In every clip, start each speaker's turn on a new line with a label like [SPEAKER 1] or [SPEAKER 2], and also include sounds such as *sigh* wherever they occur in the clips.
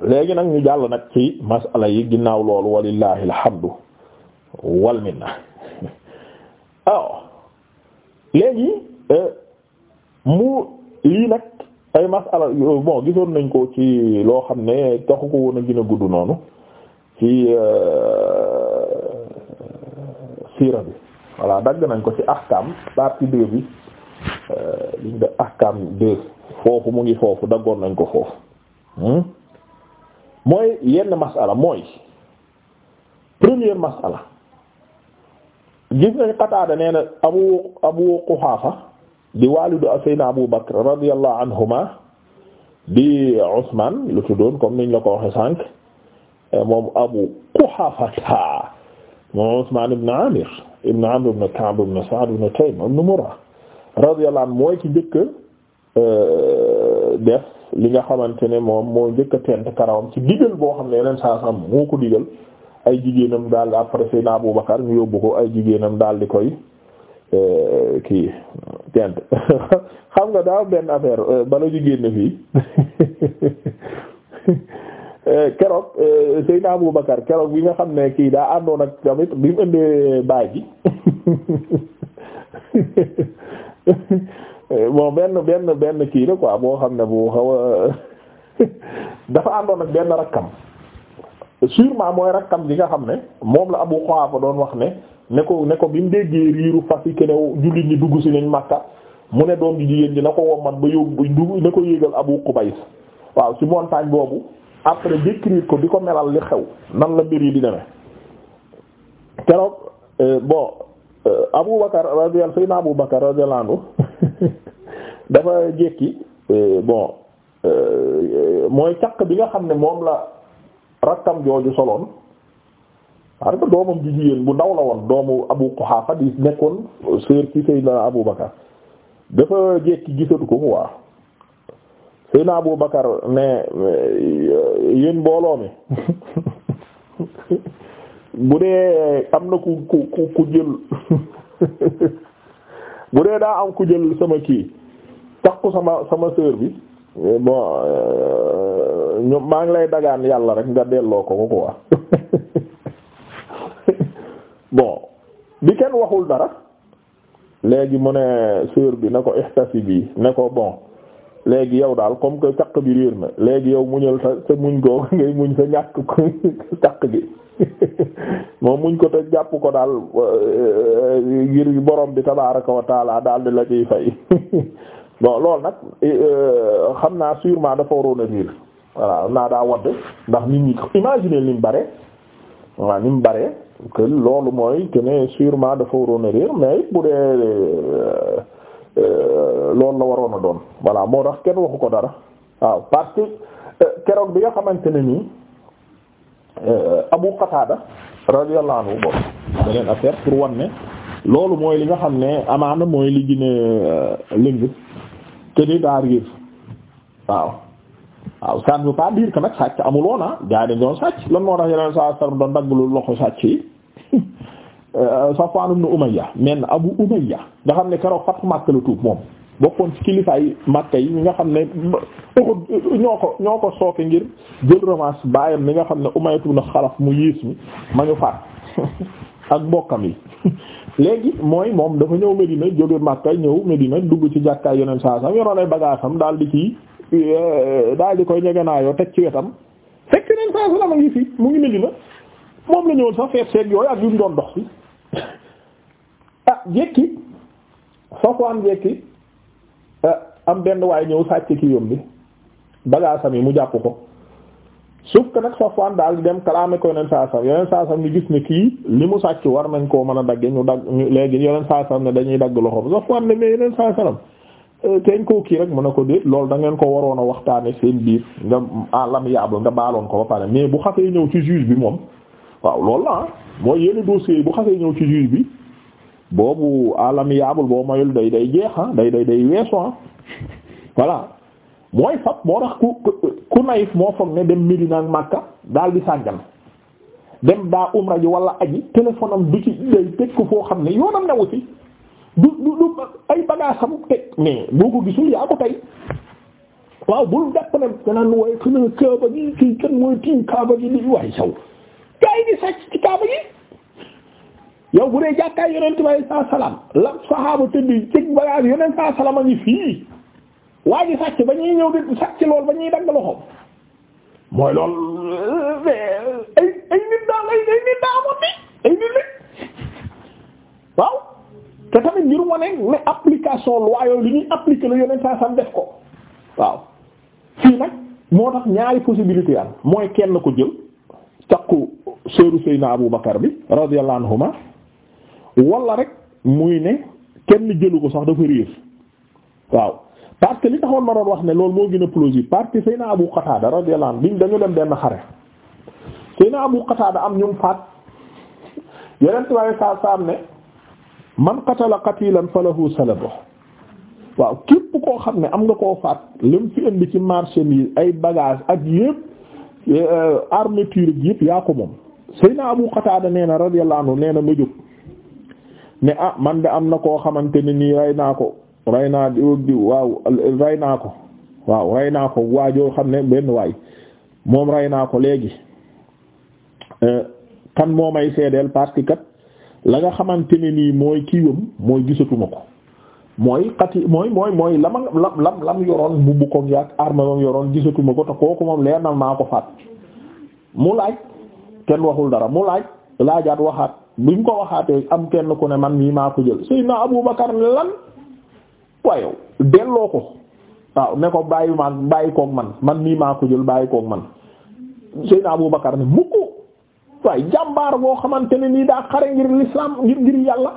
[SPEAKER 1] léegi nag ñu jàll nag ci masala yi ginnaaw loolu walillahi alhamdu wal minna aw *laughs* léegi euh, mu lii nag ay masala bon gisoon nañ ko ci loo xam ne taxu ko woon a gën a gudd noonu ci euh, siira bi voilà dagg nañ ko ci ahkam partie deux bi euh, liñ de ahkam deux foofu mu ngi foofu daggoon nañ ko foofu hmm? mooy yenn masala mooy première masala gis nañ Qataada nee na Abu Abu Quhaafa di waalidu Seydina Abu Bakr radiyallahu anhuma di Usmaan lu tuddoon comme niñ la ko waxe sànq moom Abu Quhaafa ta moom Usmaan ibn Amir ibn Amr ibn Ka'b ibn Sa'd ibn Taym ibn Murra radiyallahu anhu mooy ci njëkk euh, def li nga xamante ne moom moo njëkk a tent karawam ci digal boo xam ne yeneen saa sam moo ko digal ay jigéenam daal après Seydina Abu Bakar ñu yóbbu ko ay jigéenam daal di koy euh, kii tent *laughs* xam nga daaw benn affaire euh, bala ñu génn fii *laughs* euh, keroog Seydina Abu Bakar keroog bi nga xam ne kii daa àndoon ak tamit bi mu indee baay ji *laughs* Eh, bon benn benn benn kii la quoi boo xam ne bu *laughs* dafa àndoon ak benn rakkam sûrement mooy rakkam gi nga xam ne moom la Abu Quhaafa doon wax ne ne ko ne ko bi mu dugg si nañ Makka mu ne doom ji jigéen ji na ko wommat ba yóbbu na ko yéegal waaw ci boobu après décrire ko di ko melal li xew nan la mbir yi di demee keroog eh, bon eh, Abu Bakar radiyallahu anhu Abu Bakar radiyallahu dafa jékki euh, bon euh, mooy caq bi nga xam ne moom la rakkam jooju soloon parce que doomam ju jigéen bu ndaw la woon doomu Abu Quhafa di nekkoon sœur ci Seydina Abu Bakar dafa jékki gisatu ko quoi Seydina Abu Bakar ne euh, yéen mbooloo mi *laughs* bu dee am na ku ku ku jël *laughs* bu dee daa am ku jël sama kii takku sama sama sœur bi eh, bon euh, ñu maa ngi lay dagaan yàlla rek nga delloo ko ko quoi *laughs* bon bi kenn waxul dara léegi mu ne sœur bi ne ko ixtasi bi ne ko bon léegi yow daal comme que caq bi réer na léegi yow muñal sa sa muñ ko *laughs* ngay muñ sa ñàkk ko *laughs* caq gi moom muñ ko te jàpp ko daal euh, euh, ngir borom bi tabaaraka wa taala daal di la ciy fay bon loolu nag eh, euh, xam naa sûrement dafa waroon a riir voilà naa daa wadd ndax nit ñi imaginer ni mu bare waaw ni mu bare que loolu mooy que ne sûrement dafa waroon a riir mais bu dee euh, euh, loolu la waroon a doon voilà moo tax kenn waxu ko dara waaw parce que keroog bi nga xamante ne nii Abu Qatada radiyallahu anhu bon beneen affaire pour wan ne loolu mooy li nga xam ne amaana mooy li gën a te ni daa réer waaw waaw ça ne veut pas dire que nag sàcc amul woon ah doon sàcc lan moo tax yeneen saa sallam doon dagglu loxo sàcc yi *laughs* euh, Safwan ibn Umayya men Abu Umayya nga xam ne keroog fat Makka la tuub moom bokkoon ci kilifaay Makka yi nga xam ne ñoo ko ñoo ngir jël revanche mi nga xam ne Umayya ibn Xalaf mu yiis mi ma ñu faat *laughs* ak bokkam yi *laughs* léegi mooy moom dafa ñëw Medina jóge Makka ñëw Medina dugg ci jàkkaay yeneen saa sam yoroon bagaasam daal di ci eh, daal di koy ñeganaayoo teg ci wetam fekk yeneen saa salama ngi fii mu ngi Medina moom la ñëwoon sax feet seeg yooyu ak yu mu doon dox si *laughs* ah jekki Safwaan jekki eh, am benn waay ñëw sàcc ki yom bi bagaasam yi mu jàpp ko sauf que nag Safwan daal di dem kalaame ko yeneen saa sam yeneen saa sam ñu gis ne kii li mu sàcc war nañ koo mën a dagge ñu dagg léegi yeneen saa sam ne dañuy dagg loxoom Safwan ne mais yeneen saa sam euh, teeñ koo kii rek mën na ko déet loolu da ngeen ko waroon a waxtaane seen biir nga alam ah, yàbb nga baaloon ko ba pare mais bu xasee ñëw ci juge bi moom waaw loolu la ah mooy yenn dossiers yi bu xasee ñëw ci juge bi boobu alam ah, yàbbul boo mayul day day jeex ah day day day weesu ah *laughs* voilà mooy fab moo tax ku ku nayif moo foog ne dem Medina ak Makka daal di sàggan dem daa umra ji wala aji téléphone am du ci day teg ko foo xam ne yoonam newu ci du du du ay bagage am teg mais boo ko gisul yaa ko tey waaw bul jàpp ne danaan waaye fi kaaba gi kii kan mooy tiim kaaba gi li waaye saw gaa yi di sàcc ci kaaba gi yow bu dee jàkkaay yonent bi saa salaam la saxaaba tëdd cëg bagage yonent saa salaam a ngi fii waa ji sàcc ba ñuy ñëw di sàcc lool ba ñuy dagg loxoom mooy lool ay ay nit daal ay ay nit daa amoon ni ay nit li waaw te tamit ngir wane ne application loi li ñuy appliquer la yeneen saa sam def ko waaw fii nag moo tax ñaari possibilité am mooy kenn ko jël takku seeru Seyna Abu Bakar bi radiyallahu anhuma wala rek muy ne kenn jëlu ko sax dafa réer waaw parce que li taxoon ma doon wax ne loolu moo gën a plausible parce que Seyna Abu Qatada radiyallahu anhu dañu dem benn xare Seyna Abu Qatada am ñum faat yeneen tubaab yi saa saa am ne man qatala qatilan falahu salabuh waaw képp koo xam ne am nga koo faat lim fi indi ci marché yi ay bagage ak yépp eh, armature yépp yaa ko moom Seyna Abu Qatada nee na radiyallahu anhu nee na ma jóg ne ah man de am na koo xamante ne nii rey naa ko. rey naa diw ak naa ko waaw rey naa ko waajoo xam ne benn waay moom rey naa ko léegi euh, kan moom ay seedeel parce la nga xamante ne nii mooy kiiwam mooy gisatuma ko mooy xati mooy mooy lama lam lam lam lam yoroon bu bukkoom yaag arme bam yoroon gisatuma ko te kooku moom leer na maa ko faat mu laaj kenn waxul dara mu laaj laajaat waxaat biñ ko waxaatee am kenn ku ne man mii maa ko jël Seydina Abubakar lan waayow delloo ko waaw ne ko bàyyi ma bàyyi koog man man mii maa ko jël bàyyi koog man Seydina Abu Bakar ne mukk waaye jàmbaar boo xamante ne nii daa xare ngir l'islam ngir ngir yàlla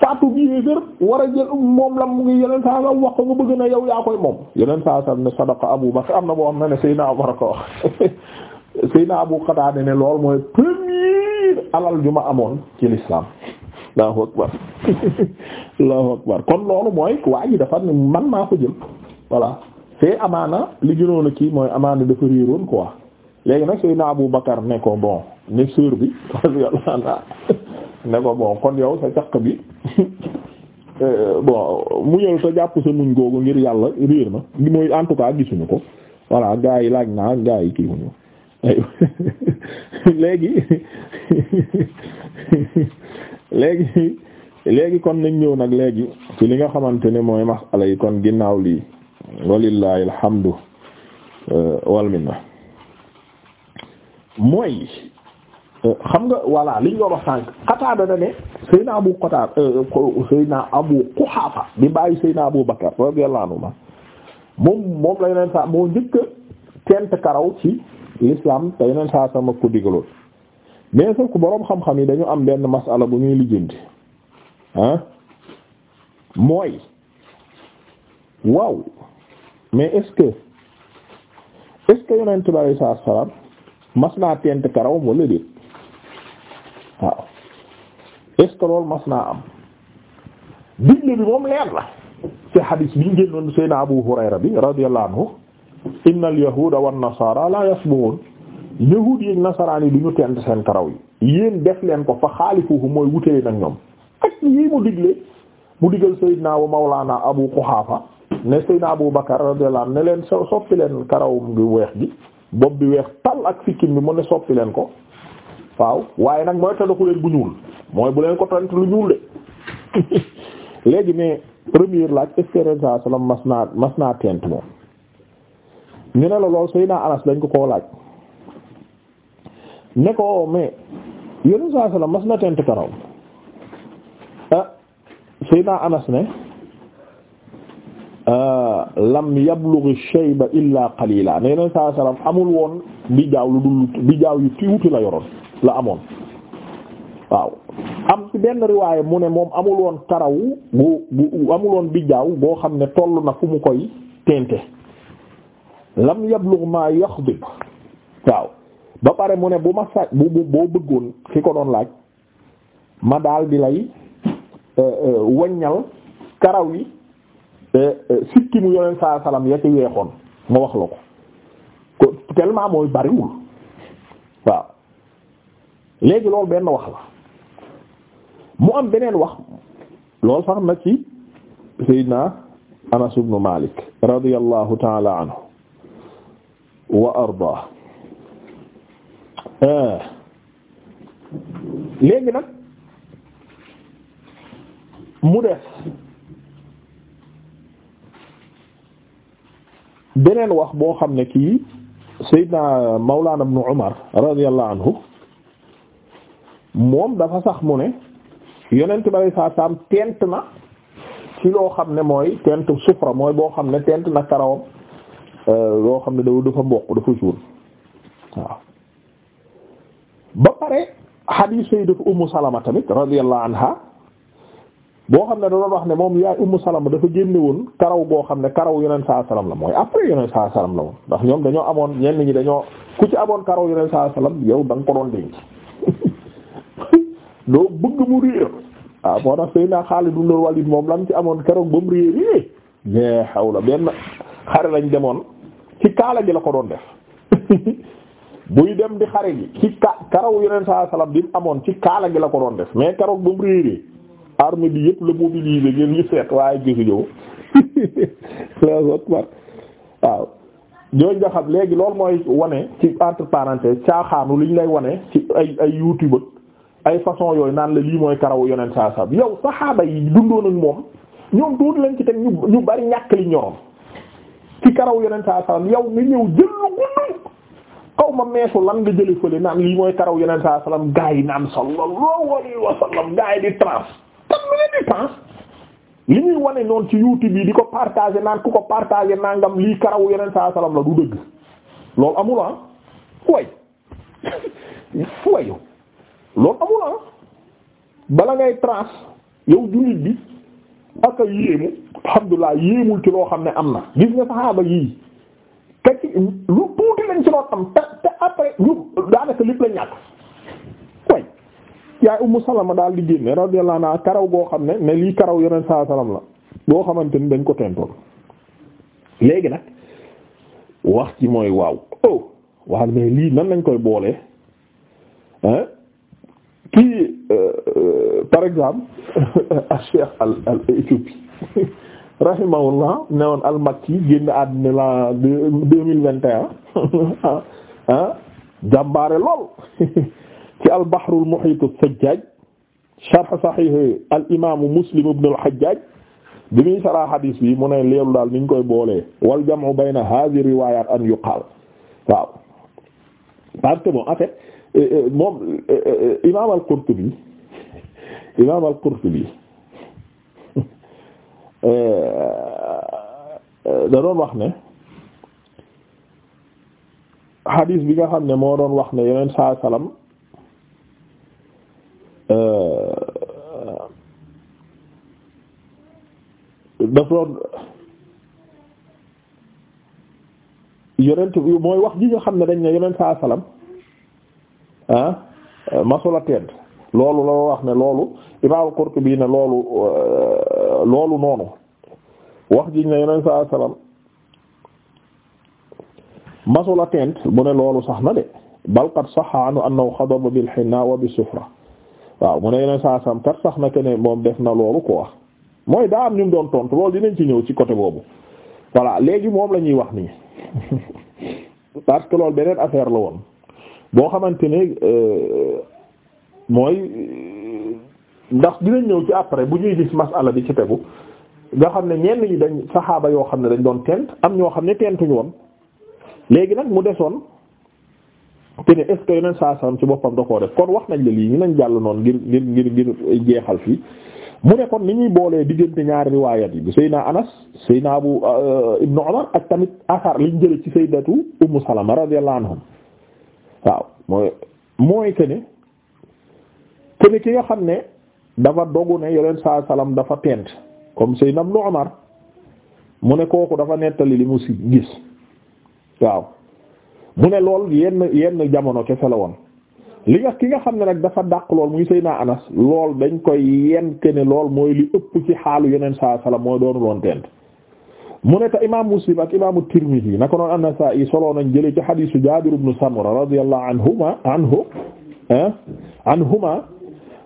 [SPEAKER 1] faatu bi yéefér war a jël moom la mu ngi yeneen saa sam wax ko nga bëgg na yow yaa koy moom yeneen saa sam ne sadaqa Abu Bakar am na boo xam ne ne Seydina Abu Bakar ko wax *laughs* Seydina Abu Qatada ne lool mooy premier alal ju ma amoon ci l'islam allahu akbar *laughs* allahu akbar kon loolu mooy waa yi dafa ne man maa ko jël voilà c'est amaana li gënoon a kii mooy amaana dafa réeroon quoi léegi nag Seydina Abu Bakar ne ko bon ne sœur bi *laughs* radiyallahu ne ko bon kon yow sa caq bi *laughs* euh, bon muñal sa jàpp sa muñ googu ngir yàlla réer na mooy en tout cas gisuñu ko voilà gaa yi laaj naa gaa yi kii wuñu léegi léegi léegi kon nañ ñëw nag léegi ci li nga xamante ni mooy masala yi kon ginnaaw lii walillahi alhamdu euh, wal minna mooy euh, xam nga voilà liñ doon wax sànq Qataada da ne Seydina Abu Qataada euh, Seydina Abu Quhaafa di bàyyi Seydina Abu Bakar radiyallahu ma moom moom la yeneen saa moo njëkk tent karaw ci l'islam te yeneen saa sama ko digaloon mais sauf que boroom xam-xam yi dañu am benn masala bu ñuy lijjanti ah mooy waaw mais est-ce que est-ce mas naa tent karawam wala déet waaw est loolu mas naa am digle bi moom leer la ci xadiis bi ñu génnoon Seydina Abu Hurayra bi radiyallahu anhu inna al yahuuda wan nasaara la yahuud yi nasaraan yi du ñu tent seen karaw yi yéen def leen ko fa xaalifuhu mooy wutee nag ñoom ak yii mu digle mu digal Seydina wa Mawlana Abu Quhafa ne Seydina Abu Bakar ne leen so soppi leen karawum bi weex gi bopp bi weex tal ak sikkim bi mu ne soppi leen ko waaw waaye nag mooy tënku leen bu ñuul mooy bu leen ko tent lu ñuul de *laughs* léegi mais première laaj expérience la mas naa mas naa tent moom ñu ne la lool Seydina Anas dañ ko koo laaj. ne ko oh, mais yéen saa salaam mas na tent karaw ah Seydina Anas ne ah, lam yablughi shayba illa qalila ne saa salaam amul woon bi jaaw lu dul bi yu tuuti la yoroon la amoon waaw am ci benn riwaay mu ne moom amul woon karaw bu bu amul woon bi jaaw boo xam ne toll na fu mu koy tente lam yablugh ma yaxdib waaw. ba pare mu ne bu ma sàcc bu bu boo bëggoon ki ko doon laaj ma daal di lay euh, euh, waññal karaw yi euh, sikki mu yoneen saa salaam ya ci weexoon ma wax la ko ko tellement mooy bariwul waaw léegi loolu benn wax la mu am beneen wax loolu sax na ci Seydina Anas ibn Malik radiyallahu ta'ala wa ardaa Eh. léegi nag mu des beneen wax boo xam ne kii Seydina Mawlana ibn Umar radiyallahu anhu moom dafa sax mu ne yeneen bi alayhi salaam tent na ci loo xam ne mooy tent sufra mooy boo xam ne tent na karawam eh, loo xam ne dafa dafa mboq dafa suur ba pare hadith sayyidatu ummu salama tamit radiyallahu anha boo xam ne da wax ne moom yaay ummu salama dafa génne woon karaw boo xam ne karaw yeneen saa salaam la mooy après yeneen salaam la woon ndax ñoom dañoo amoon ñenn ñi dañoo ku ci amoon karaw yeneen saa salaam yow da ko doon denc *laughs* doo bëgg mu réer waaw ah, moo tax Seydina Xaalid ibn Walid moom lan ci amoon keroog ba mu réer yi xaw la benn xare lañ demoon ci kaala gi la ko doon def *laughs* buy dem di xare gi ci ka karaw yeneen saa salaam bi mu amoon ci kaala gi la ko doon def mais karaw ba mu réeree armée bi yëpp la mobiliser ngir ñu seet waaye gisuñu les autres part waaw léegi loolu mooy wane ci entre parenthèses caaxaanu liñ lay wane ci ay ay youtube ay façon yooyu naan la lii mooy karawu yeneen saa salaam yow saxaaba yi dundoon ak moom ñoom tuuti lañ ci teg ñu ñu bari ñàkk li ñoroon ci karaw yeneen saa salaam yow nga ñëw jël lu gudd xaw ma meesu lan nga jële fële naan lii mooy karaw yeneen saa salaam gaa yi naan sallallahu alayhi wa sallam di trans tam lu leen di li ñuy wane noonu ci youtube yi di ko partagé naan ku ko partagé nangam lii karaw yeneen saa salaam la du dëgg loolu amul ah way *laughs* wayu loolu amul ah. bala ngay trans yow jullit bi aka yéemu alhamdulilah yéemul ci loo xam ne am na gis nga saxaaba yii ka ci lu tuuti lañ ci doon am te te après ñu daanaka lépp la ñàkk way yaay Ummu Salama daal di génne radiyallahu anha karaw goo xam ne mais lii karaw yeneen saa la boo xamante ni dañ ko tentoon léegi nag wax ci mooy waaw oh waaw mais lii nan lañ koy boolee hein kii euh, euh, par exemple al *laughs* Cheikh al Éthiopie *laughs* rahimahullah ne woon al-Makki génn àddina la deux mille vingt et un *laughs* ah jàmbaare lool *laughs* ci al-Bahr al-Muhit as-Sajjaj sharh Sahih al-Imam Muslim ibn al-Hajjaj bi muy saraa hadis bi mu ne leelu daal niñ koy boolee wal jam'u bayna hadhihi riwayat an yuqal waaw parce que bon en fait euh, euh, moom euh, imam al-Qurtubi *laughs* imam al-Qurtubi Euh, da doon wax ne hadis bi nga xam ne moo doon wax ne yeneen saa salaam daf doon yonent mooy wax ji nga xam ne dañ ne yonent saa salaam ah masula loolu la wax ne loolu Imaam Qurtubi ne loolu euh, loolu noonu wax ji ne Yonent saa salaam masula tent bu ne loolu sax na de bal qad sahha anhu annahu xadaba bil hinna wa bis sufra waaw mu ne Yonent saa salaam kat sax na keneen moom def na loolu ko wax mooy daa am ñu doon tontu loolu dinañ ci ñëw ci côté boobu voilà léegi moom la ñuy wax nii *laughs* parce que loolu beneen affaire la woon boo xamante ne. Euh, mooy ndax dinañ ñëw ci après bu ñuy gis masala bi ci tegu nga xam ne ñenn ñi dañ saxaaba yoo xam ne dañ doon tent am ñoo xam ne tentuñu woon léegi nag mu desoon te ne est-ce que ci boppam da koo def kon wax nañ la lii ñu nañ jàll noonu ngir ngir ngir ngir jeexal fii mu ne kon ni ñuy boolee diggante ñaari riwaayat yi bu Seydina Anas Seydina Abu euh, Ibnu Umar ak tamit asar liñ jële ci Sayyidatu Ummu Salama radiyallahu anhum waaw mooy mooy que kon ki nga xam ne dafa dogu ne yoneen saa salaam dafa tent comme say nam lu Umar mu ne kooku dafa nettali li mu si gis waaw mu ne lool yenn yenn jamono kese la woon li nga ki nga xam ne nag dafa dàq lool muy Seydina Anas lool dañ koy yente ne lool mooy li ëpp ci xaalu yeneen saa salaam mooy doonu loon tent mu ne te imaam Muslim ak imaamu Tirmidhi naka noonu an-Nasaa'i soloo nañ jëlee ci hadiisu Jaabir ibn Samura radiyallahu anhuma anhu eh, anhuma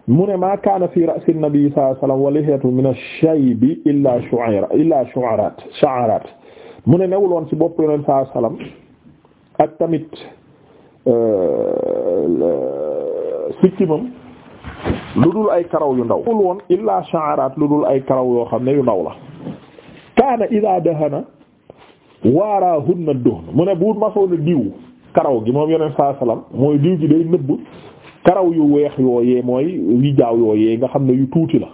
[SPEAKER 1] mu ne ma kaana fi ra'si nabi sallallahu alayhi wasallam wa lihyatu min ash-shaybi illa shu'ara illa shu'arat sha'arat mu ne newul woon ci bopp yoneen sallallahu alayhi wasallam ak tamit euh, sikkimam lu dul ay karaw yu ndaw newul woon illa sha'arat lu dul ay karaw yoo xam ne yu ndaw la kaana idha dahana waarahunna duhn mu ne bu masoona diw karaw gi moom yoneen sallallahu alayhi wasallam mooy diw gi day nëbb karaw yu weex yooyee mooy yu jaaw yooyee nga xam ne yu tuuti la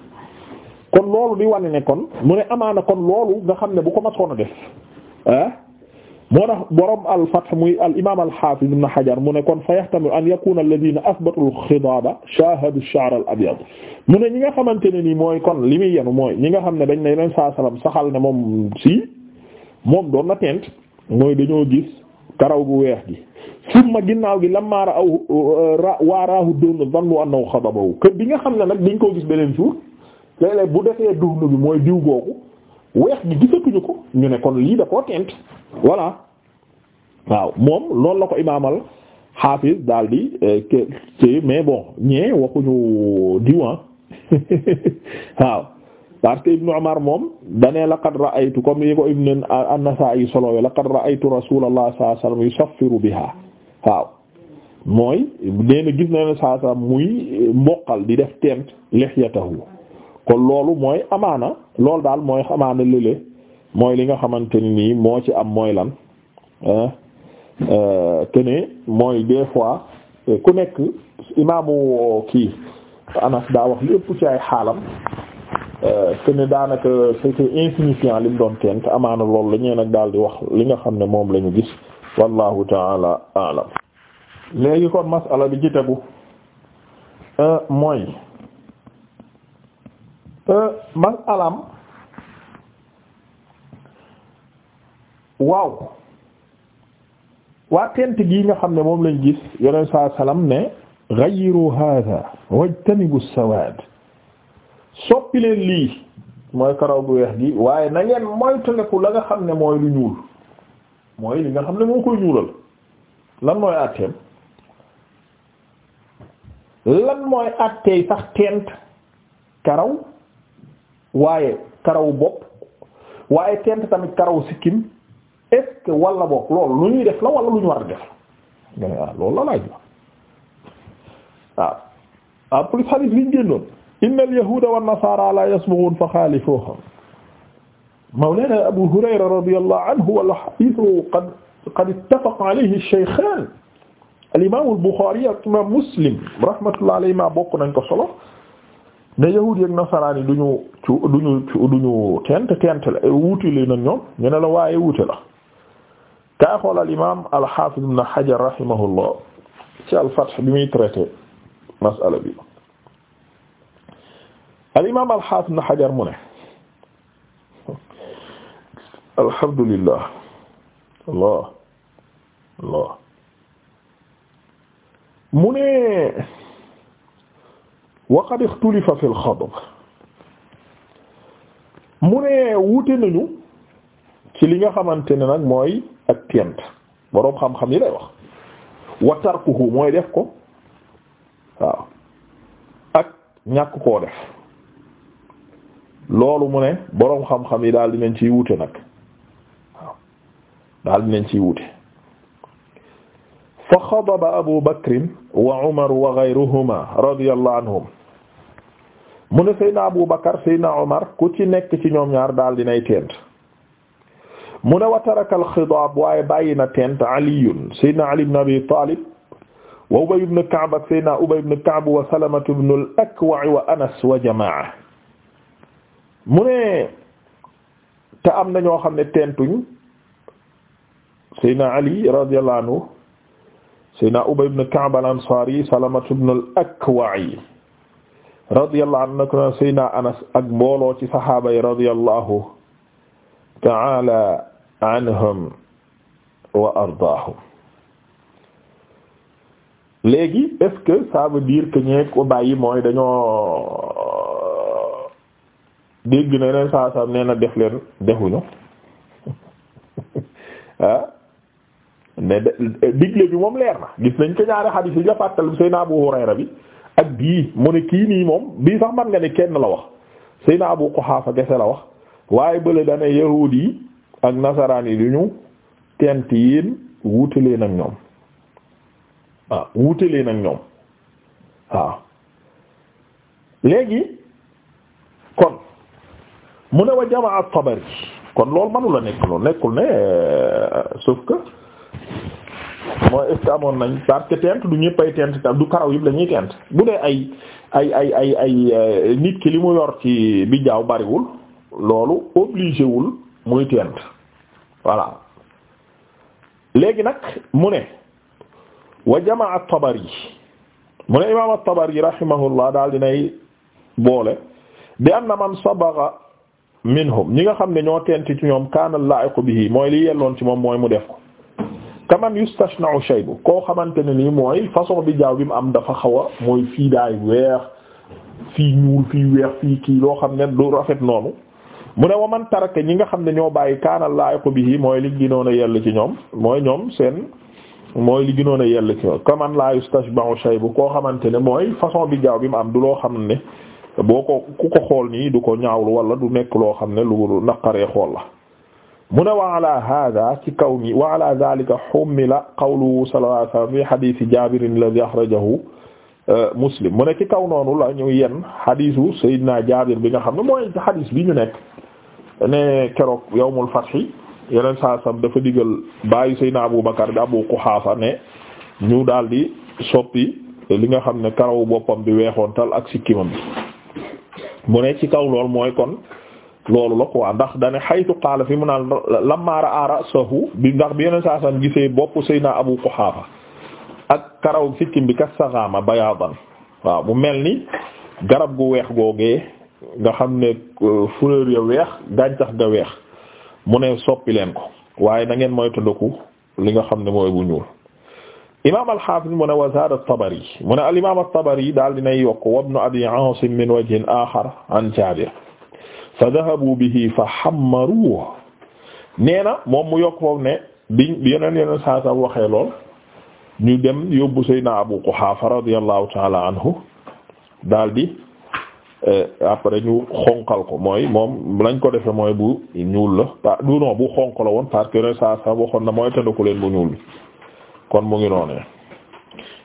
[SPEAKER 1] kon loolu di wane ne kon mu ne amaana kon loolu nga xam ne bu ko masoon a def ah moo tax borom al fath muy al imaam al hafiz ibn xajar mu ne kon fa yahtamilu an yakuna alladhina athbatu al khidaba shahadu ash-sha'r al abyad mu ne ñi nga xamante ne nii mooy kon li muy yenu mooy ñi nga xam ne dañ ne leen saa salaam ne moom si moom doon na tent mooy dañoo gis karaw gu weex gi ma ginnaaw gi lamma ra aw waaraahu duhnu zannu annahu xadabahu kër bi nga xam ne nag dañ ko gis beneen jour léeg-léeg bu defee duhnu bi mooy diw googu weex gi gisatuñu ko ñu ne kon lii da koo tent voilà waaw moom loolu la ko imaamal xaafis daal di eh, mais bon ñee waxuñu diwan ah. *laughs* waaw parce que Ibn Umar moom dane laqad ra'aytu comme yi ko Ibn solo nasai la laqad ra'aytu Rasulullah sallallahu alayhi wasallam yusaffiru biha waaw mooy nee na gis na ne saa saa muy mboqal di def tent lihyatahu kon loolu mooy amaana loolu daal mooy amaana lële mooy li nga xamante ne nii moo ci am mooy lan te euh, ne mooy des fois ku nekk imaamu kii Anas daa wax lépp ci ay xaalam Euh, que ne daanaka c'était insignifiant li mu doon teen te amaana loolu la ñeen nag daal di wax li nga xam ne moom lañu gis wallahu taala alam léegi kon masala bi ci tegu euh, mooy euh, masalam waaw waa tent gi nga xam ne moom lañ gis yoneen saa salam ne ghayru hadha wajtanibu as soppi leen lii mooy karaw bu weex gi waaye na ngeen moytandiku la nga xam ne mooy lu ñuul mooy li nga xam ne moo koy ñuulal lan mooy àtteem lan mooy àtteey sax teent karaw waaye karaw bopp waaye teent tamit karaw sikkim est-ce que walla bopp loolu lu ñuy def la walla lu ñu war a def nga ah loolu la laaj la waaw ah en plus xalis liñ génnoon inna al-yahuuda wan-nasaara laa yasbughuun fa xaalifuuhum mawlaanaa Abuu Hurayra radiyallaahu anhu wal-hadiis qad qad ittafaqa alayhi ash-shaykhaan al-imaam al-Buxaari ak imaam Muslim rahmatullaahi alayhimaa bokk nañ ko solo ne yahuud yeek nasaraan yi duñu ci duñu duñu tent tent la wuute la ñoom ñu ne la waaye wuute la kaa xool al-imaam al-Haafiz Ibn Hajar rahimahullaah ci al-Fath bi muy traité mas'ala bi. al imaam al xaafis ibn Hajar mu ne alhamdulillah Allah Allah mu ne wa qad ixtulifa fi al-xadab mu ne wuute nañu ci li nga xamante ne nag mooy ak tent boroom xam-xam yi lay wax wa tarkuhu mooy def ko waaw ak ñàkk koo def loolu mu ne xam-xam yi daal dinañ ciy wute nag waaw daal dinañ ciy wute fa xadaba abu bakrin wa umar wa gayruhuma radiyallahu anhum mu ne seydna abu bakar seydna umar ku ci nekk ci ñoom ñaar daal dinay tent mu ne wa taraka alxidaab waaye bàyyi na tent aliyun seydna ali ibn abi talib wa ubay ibn ka'b ak seydna ubay ka'b wa salamatu ibn al wa anas wa jamaa mu ne te am na ñoo xam ne tentuñ Seydina Ali radiyallahu anhu Seydina Ubay ibn Ka'b al-Ansari Salamatu ibn al-Akwa'i radiyallahu anhu nak na Seydina Anas ak mbooloo ci saxaaba yi radiyallahu ta'ala anhum wa ardaahum léegi est-ce que ça veut dire ñeek ko bàyyi mooy dañoo dégg na yeneen saa saa nee na def leen defuñu *laughs* ah ne digle bi moom leer na gis nañ ko ñaari xadiis yi nga fàttali Seyna Abu Hurayra bi ak bii mu ne kii nii moom bii sax man nga ne kenn la wax Seyna Abu Quhafa gese la wax waaye bële dana yahuud yi ak nasaraan yi du ñu tent yéen wuutalee nag ñoom waaw ah, wuutalee nag ñoom waaw ah. léegi. mu ne wa jamaa at-Tabari kon loolu manu la nekk loolu nekkul ne euh, sauf que mooy est amoon nañ parce que tent du ñëppay tent du karaw yi la ñuy tent bu ne ay ay ay ay ay euh, nit ki li mu yor ci bi bariwul loolu obligé wul muy tent voilà léegi nag mu ne wa jamaa at-Tabari mu ne imaam at-Tabari rahimahullah daal dinay boole bi anna man sabagha minhum ñi nga xam ne ñoo tenti ci ñoom kaanal kaana ko bihi mooy li yelloon ci moom mooy mu def ko kaman yustashna'u shaybu koo xamante ne nii mooy façon bi jaaw bi mu am dafa xaw a mooy fii daay weex fii ñuul kii loo xam ne du rafet noonu mu ne man taraka ñi nga xam ne ñoo bàyyi kaana laa'iqu bihi mooy li gënoon a yell ci ñoom mooy ñoom seen mooy li gënoon a yell ci ñoom kaman laa yustashba'u shaybu koo xamante ne mooy façon bi jaaw bi mu am du loo xam ne boo ko ku ko xool nii du ko ñaawlu wala du nekk loo xam ne lu naqaree xool la mu ne wa ala hada ci kaw nii wa ala zalika hummila qawluhu sallallahu alayhi wa sallam fi hadisi Jaabir alladhi akhrajahu uh, Muslim mu ne ci kaw noonu la ñu yenn hadisu Seydina Jaabir bi nga xam ne mooy hadis bi ñu nekk ne keroog yawmul fathi yeneen saa dafa digal bàyyi Seydina Abu Bakar bi Abu Quhaafa ne ñu daal di soppi li nga xam ne karawu boppam bi weexoontal ak sikkimam bi mu ne ci kaw lool mooy kon loolu la waa ndax dane xaytu qaala fi mu naan lamma ra'a ra'sahu bi ndax bi yeneen saasam gisee bopp Seydina Abu Quhaafa ak karaw sikkim bi kassaraama bayaadan waaw mu mel ni garab gu weex googee nga xam ne euh, fleur ya weex gàncax ga weex mu ne soppi leen ko waaye na ngeen moytandiku li nga xam ne mooy bu ñuul imaam al-Haafiz mu ne wa zaada at-Tabari mu ne al daal dinay yokk wa ibnu Abi Aasim min wajhin aaxar an Jaabir fa dahabu bihi fa hammaruuhu nee moom mu yokk foofu ne bi yeneen yeneen saa sa waxee lool ñu dem yóbbu Seydina Abu Quhaafa radiyallahu ta'ala anhu daal di eh, après ñu xonqal ko mooy moom lañ ko defee mooy bu ñuul la du bu xonq la woon parce que yeneen saa sa waxoon na mooy tëndu ko leen bu ñuul bi. kon mu ngi noonu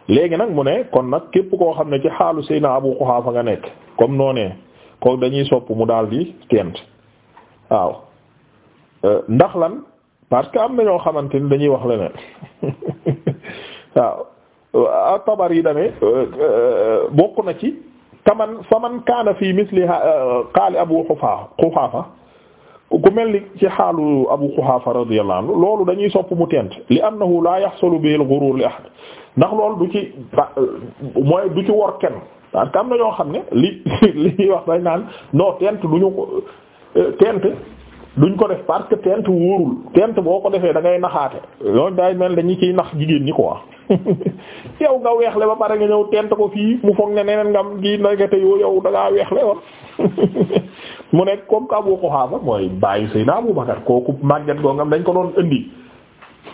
[SPEAKER 1] léegi nag mu ne kon nag képp koo xam ne ci xaalu Seydina Abu Quhaafa nga nekk comme noonee ko dañuy sopp mu daal di tent waaw euh, ndax lan parce que am na ñoo xamante ni dañuy wax leneen *laughs* waaw euh, at-Tabari dane euh, bokk na ci kaman faman kaana fii misli qaali Abu Quhaafa ku mel ni ci xaalu Abu Quhafa radiyallahu anhu loolu dañuy sopp mu tent li annahu la yahsulu bihi al-ghurur li ahad ndax loolu du ci mooy du ci wor kenn parce que am na ñoo xam ne li *laughs* li ñuy wax dañ naan non tent duñu ko euh, tent duñ ko def parce que tent wóorul tent boo ko defee da ngay naxaate loolu daay mel dañu ciy nax jigéen ñi quoi *laughs* yow nga weexle ba pare nga ñëw tent ko fii mu foog ne neneen nga am gi nagate yoo yow da ngaa weexle woon *laughs* mu nekk comme que Abu Quhafa mooy bàyyi naa Abu Bakar kooku màgget goo ngam dañ ko doon indi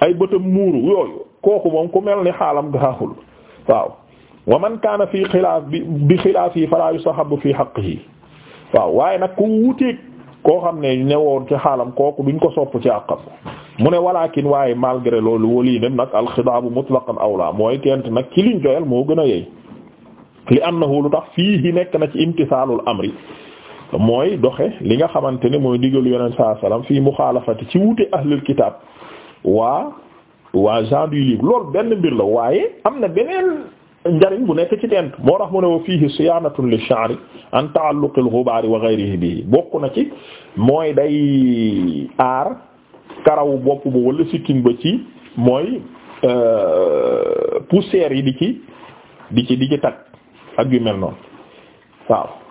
[SPEAKER 1] ay bëtam muuru yooyu kooku moom ku mel ni xaalam gaaxul waaw wa man kaana fii xilaaf bi bi xilaaf yi falaa yustahabu fii haqqihi waaw waaye nag ku wuteeg koo xam ne newoon ci xaalam kooku duñ ko sopp ci àqam mu ne walakin waaye malgré loolu walii dem nag alxidaabu mutlaqan awla mooy tent nag ci liñ joyal moo gën a yey li na lu tax fii nekk na ci imtisaalul amri mooy doxe li nga xamante ne mooy digalu yonent saa salaam fii muxaalafati ci wute ahlul kitaab waa waa gens du livre loolu benn mbir la waaye am na beneen njariñ bu nekk ci tent moo tax mu ne wa fiihi siyaanatun li sha'ri an ta'alluq al-ghubaar wa ghayrihi bi bokk na ci mooy day aar karawu bopp bu wala sikkin ba ci mooy euh, poussière yi di ci di ci di tag ak yu mel noonu waaw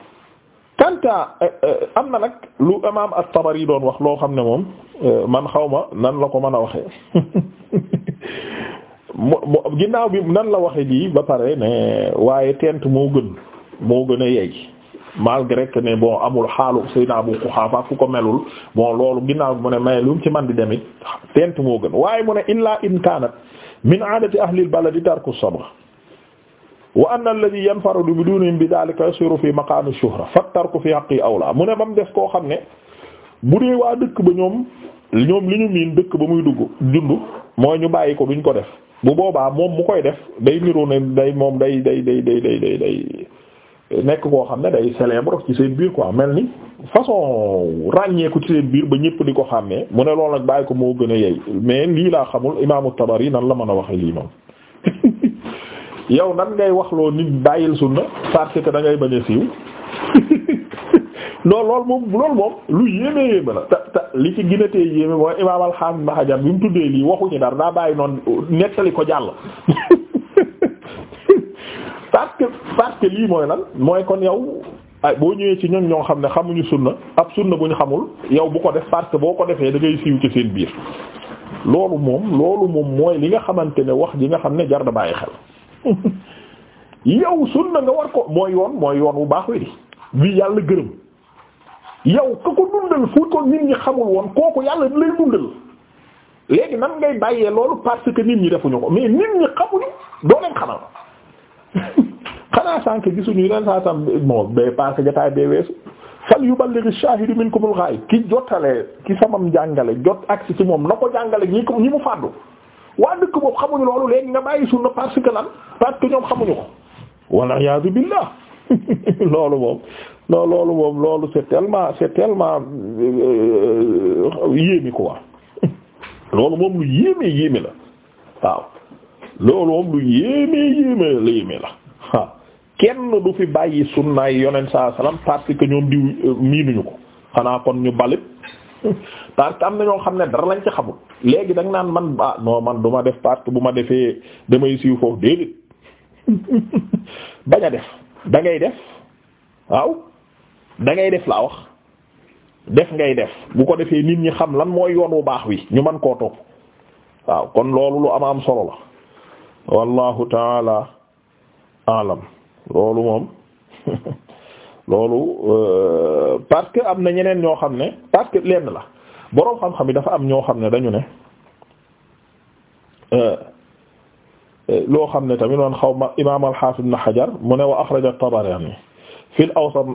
[SPEAKER 1] kanta eh, eh, am na nag lu imaam at yi doon wax loo xam ne moom eh, man xaw ma nan la ko mën a waxee *laughs* ginnaaw bi nan la waxe ji ba pare ne waaye tent moo gën moo gën a yeeg gi que ne boo amul xaalu Seydina Abu Quhafa ku ko melul bon loolu ginnaaw bi mu ne may lu mu ci man di demit tent moo gën waaye mu ne illa in kaanat min aadati ahli al-baladi tarku wa anna alladhi yanfaradu bi dunihim bi dhalika yasiru fi maqami ash-shuhra fattarku fi haqqi awla mu ne ba mu des koo xam ne bu dee waa dëkk ba ñoom ñoom li ñu miin dëkk ba muy dugg dund mooy ñu bàyyi ko duñ ko def bu boobaa moom mu koy def day niru ne day moom day day day day day day nekk koo xam ne day célèbre ci seen biir quoi mel ni façon ràññeeku ci seen biir ba ñëpp di ko xàmmee mu ne lool nag bàyyi ko moo gën a yey mais lii laa xamul imaamu Tabari nan la mën a waxee lii moom. yow nan ngay loo nit bàyyil sunna parce que da ngay bañ siiw *laughs* loolu loolu moom lu yéeme li ci gën a tee yéeme mooy imaam alxaam tuddee lii waxu ci dara daa bàyyi noonu nettali ko jàll *laughs* lii mooy lan mooy kon yow ay boo ñëwee ci ñoom ñoo xam ne xamuñu sunna ab sunna bu ñu xamul yow bu ko def parce que boo ko defee da ngay siiw ci seen biir loolu moom loolu moom mooy li nga xamante ne wax ji nga xam ne jar da bàyyi xel *laughs* yow sunna nga war ko mooy yoon mooy yoon wu baax wi bi yàlla gërëm yow ka ko dundal fu ko nit ñi xamul woon kooku yàlla di lay dundal léegi nan ngay bàyyee loolu parce que nit ñi defuñu ko mais nit ñi xamuñu doo leen xamal *laughs* xanaa sànk gisuñu leen saa tam moo bee parce que jotaay bee weesu fal yuballighi shaahidu minkumul ghaayib ki jottalee ki samam jàngale jot ak agsi ci moom na ko jàngale ñi ko ñi mu fàddu waa dëkk boobu xamuñu loolu léegi nga bàyyi sunna parce que lan ñoom xamuñu ko walla iyaadu billah *laughs* loolu moom non loolu moom loolu c'est tellement c'est tellement euh, *laughs* yéeme yéeme waaw loolu moom lu yéeme yéeme la yéeme la waaw kenn du fi bàyyi sunnaay yonent saa salaam parce que ñoom di euh, miinuñu ko xanaa kon ñu balit *laughs* parce que am na ñoo xam ne dara lañ ci xamul léegi da naan man a ah, non man duma def parce que bu ma defee damay siiw foofu déedéet *laughs* bañ a def dangay def waaw da ngay def laa wax def ngay def bu ko defee nit ñi xam lan mooy yoon wu baax wi ñu man koo topp waaw kon loolu lu am am solo la wallahu taala alam loolu moom *laughs* loolu euh, parce que am na ñeneen ñoo xam ne parce que lenn la boroom xam-xam yi dafa am ñoo xam ne dañu ne euh, euh, loo xam ne tamit man xaw ma imaam al-Hafiz ibn Hajar mu ne wa axraja at-Tabarani fi al-Awsat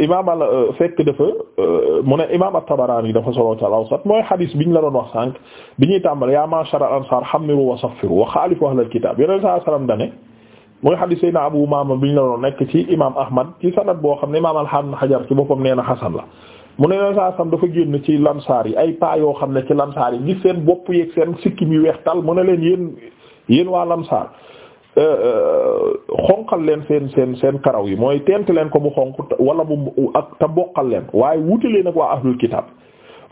[SPEAKER 1] imaam al fekk dafa mu ne imaam at-Tabarani dafa solo ci al-Awsat la doon wax sànq bi ñuy tàmbal yaa ma'shar al-ansar xammiru wa saffiru wa xaalifu ahlal kitaab yeneen saa salaam dane muy xadiis Seydina Abu Umaama bi ñu la doon nekk ci imaam Ahmad ci sanad boo xam ne imaam alxaam xajar ci boppam nee na xasan la mu ne leen saa sam dafa génn ci lamsaar yi ay paa yoo xam ne ci lamsaar yi gis seen bopp yeeg seen sikkim yu weex tal mu ne leen yéen yéen waa lamsaar euh, euh, xonqal leen seen seen seen karaw yi mooy tent leen ko mu xonq wala mu ak te boqal leen waaye wuute leen ak waa ahlul kitaab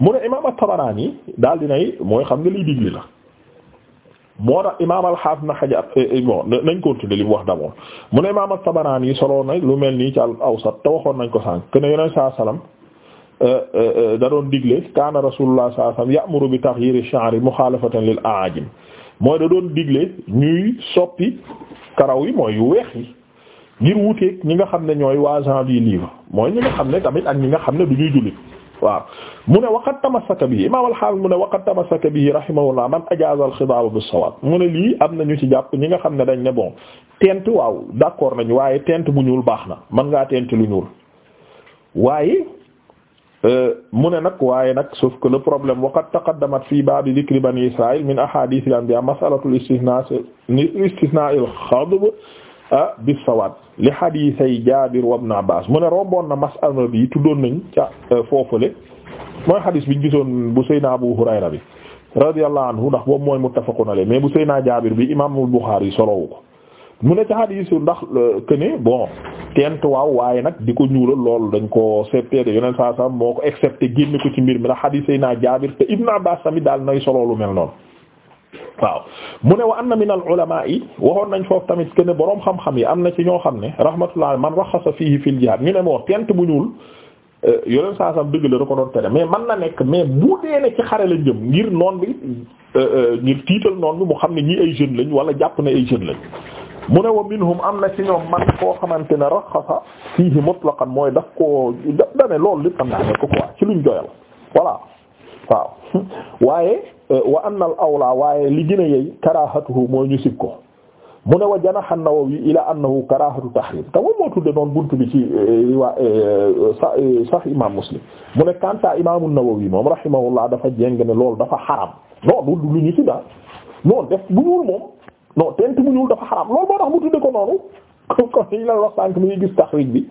[SPEAKER 1] mu ne imaam at-Tabaraani daal dinay mooy xam nga liy digli la. moo tax imaam al-Hafiz eh, eh, na Hajar bon nañ continuer li mu wax d'abord mu ne imaam at-Tabarani solo na lu mel nii ci al-Awsat te waxoon nañ ko sànq que ne yeneen saa salaam da doon digle kaana Rasulullah saa salaam ya'muru bi taghyir ash-sha'r mukhalafatan lil a'ajim mooy da doon digle ñuy soppi karaw yi mooy yu weex yi ngir wuteeg ñi nga xam ne ñooy waa gens du livre mooy ñi nga xam ne tamit ak ñi nga xam ne du ñuy jullit. waaw mu ne waqad tamassaka bihi imam al-Hafiz mu ne waqad tamassaka bihi rahimahullah man ajaza al-khitaab bis-sawaab mu ne lii am na ñu ci jàpp ñi nga xam ne dañ ne bon tent waaw d'accord nañu waaye tent bu ñuul baax na mën ngaa tent lu ñuul waaye euh, mu ne nag waaye nag sauf que le problème waqad taqaddamat fi baabi dhikri bani israil min ahadith al-anbiya mas'alatu al-istithna' istithna' al-khadab bis-sawaad li xadiisay Jaabir wa Ibn Abbaas mu ne romboon na masala bi tuddoon nañ ca euh, foofule mooy xadiis biñ gisoon bu Seydina Abu Hurayra bi radiyallahu anhu ndax boobu mooy muttafaqun alayhi mais bu Seydina Jaabir bi imaamul Buxaari solowu ko mu ne ca xadiisu ndax euh, que ne bon tent waaw waaye nag di ko ñuulal loolu dañ ko septé de yeneen saa saa moo ko excepté génn ko ci mbir mi ndax xadiis Seydina Jaabir te Ibn Abbaas tamit daal nay solo lu mel noonu. waaw mu ne wa anna min al ulama yi waxoon nañ foofu tamit que ne boroom xam-xam yi am na ci ñoo xam ne rahmatullah man raxasa fihi fil jihad ñu ne moo tent bu ñuul euh, yoleen saasam dëgg la da ko doon tere mais man na nekk mais bu dee ne ci xare la jëm ngir noon bi euh, euh, ngir tiital noon bi mu xam ne ñi ay jeunes lañ wala jàpp ne ay jeunes lañ mu ne wa minhum am na ci ñoom man koo xamante ne raxasa fihi mutlaqan mooy daf koo daf dane loolu lépp am naa nekk quoi ci luñ joyal voilà waaye euh, wa anna al awla waaye li gën a yey karahatuhu mooy ñu sib ko mu ne wa janaha an-Nawawi ila annahu karahatu tahrim te moom moo tudde noonu buntu bi ci euh, waa euh, sax imam Muslim mu ne kanta imam an-Nawawi moom rahimahullah dafa jéng ne loolu dafa xaram non lu ñu si da noonu def bu ñuul moom non tent bu ñuul dafa xaram loolu moo tax mu tudde ko noonu kon kon liñ la wax sànq mi ngi gis taxriij bi